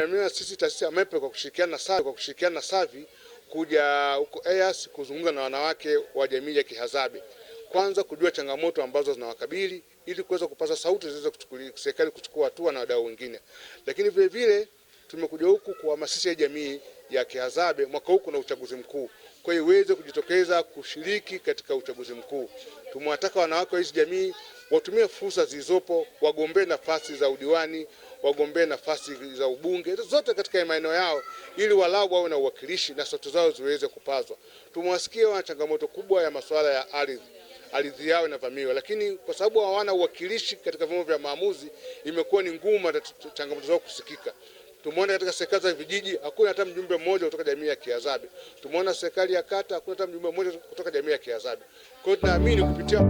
Tumeaminiwa sisi taasisi ya MEPE kwa kushirikiana na kwa kushirikiana SAVI kuja huko EAS kuzungumza na wanawake wa jamii ya Kihazabe, kwanza kujua changamoto ambazo zinawakabili ili kuweza kupaza sauti ziweze serikali kuchukua hatua na wadau wengine, lakini vile vile tumekuja huku kuhamasisha jamii ya Kiazabe mwaka huu kuna uchaguzi mkuu, kwa hiyo iweze kujitokeza kushiriki katika uchaguzi mkuu. Tumewataka wanawake wa hizi jamii watumie fursa zilizopo, wagombee nafasi za udiwani, wagombee nafasi za ubunge zote katika maeneo yao, ili walau wawe na uwakilishi na sauti zao ziweze kupazwa. Tumewasikia wana changamoto kubwa ya masuala ya ardhi, ardhi yao inavamiwa, lakini kwa sababu hawana uwakilishi katika vyombo vya maamuzi, imekuwa ni ngumu changamoto zao kusikika. Tumeona katika serikali za vijiji hakuna hata mjumbe mmoja kutoka jamii ya Kiazabe. Tumeona serikali ya kata hakuna hata mjumbe mmoja kutoka jamii ya Kiazabe. Kwa hiyo tunaamini kupitia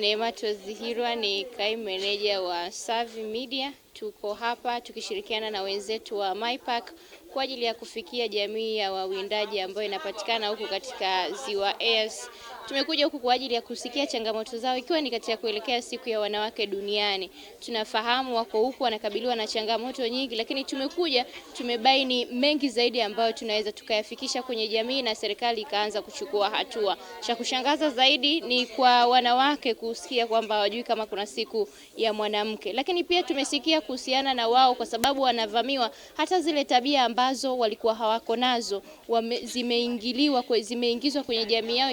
Neema Tozihirwa ni kai meneja wa Savvy Media Tuko hapa tukishirikiana na wenzetu wa MyPark kwa ajili ya kufikia jamii ya wawindaji ambayo inapatikana huku katika Ziwa Eyasi. Tumekuja huku kwa ajili ya kusikia changamoto zao ikiwa ni katika kuelekea siku ya wanawake duniani. Tunafahamu wako huku wanakabiliwa na changamoto nyingi, lakini tumekuja tumebaini mengi zaidi ambayo tunaweza tukayafikisha kwenye jamii na serikali ikaanza kuchukua hatua. Cha kushangaza zaidi ni kwa wanawake kusikia kwamba hawajui kama kuna siku ya mwanamke, lakini pia tumesikia kuhusiana na wao, kwa sababu wanavamiwa. Hata zile tabia ambazo walikuwa hawako nazo zimeingiliwa, zimeingizwa kwenye jamii yao.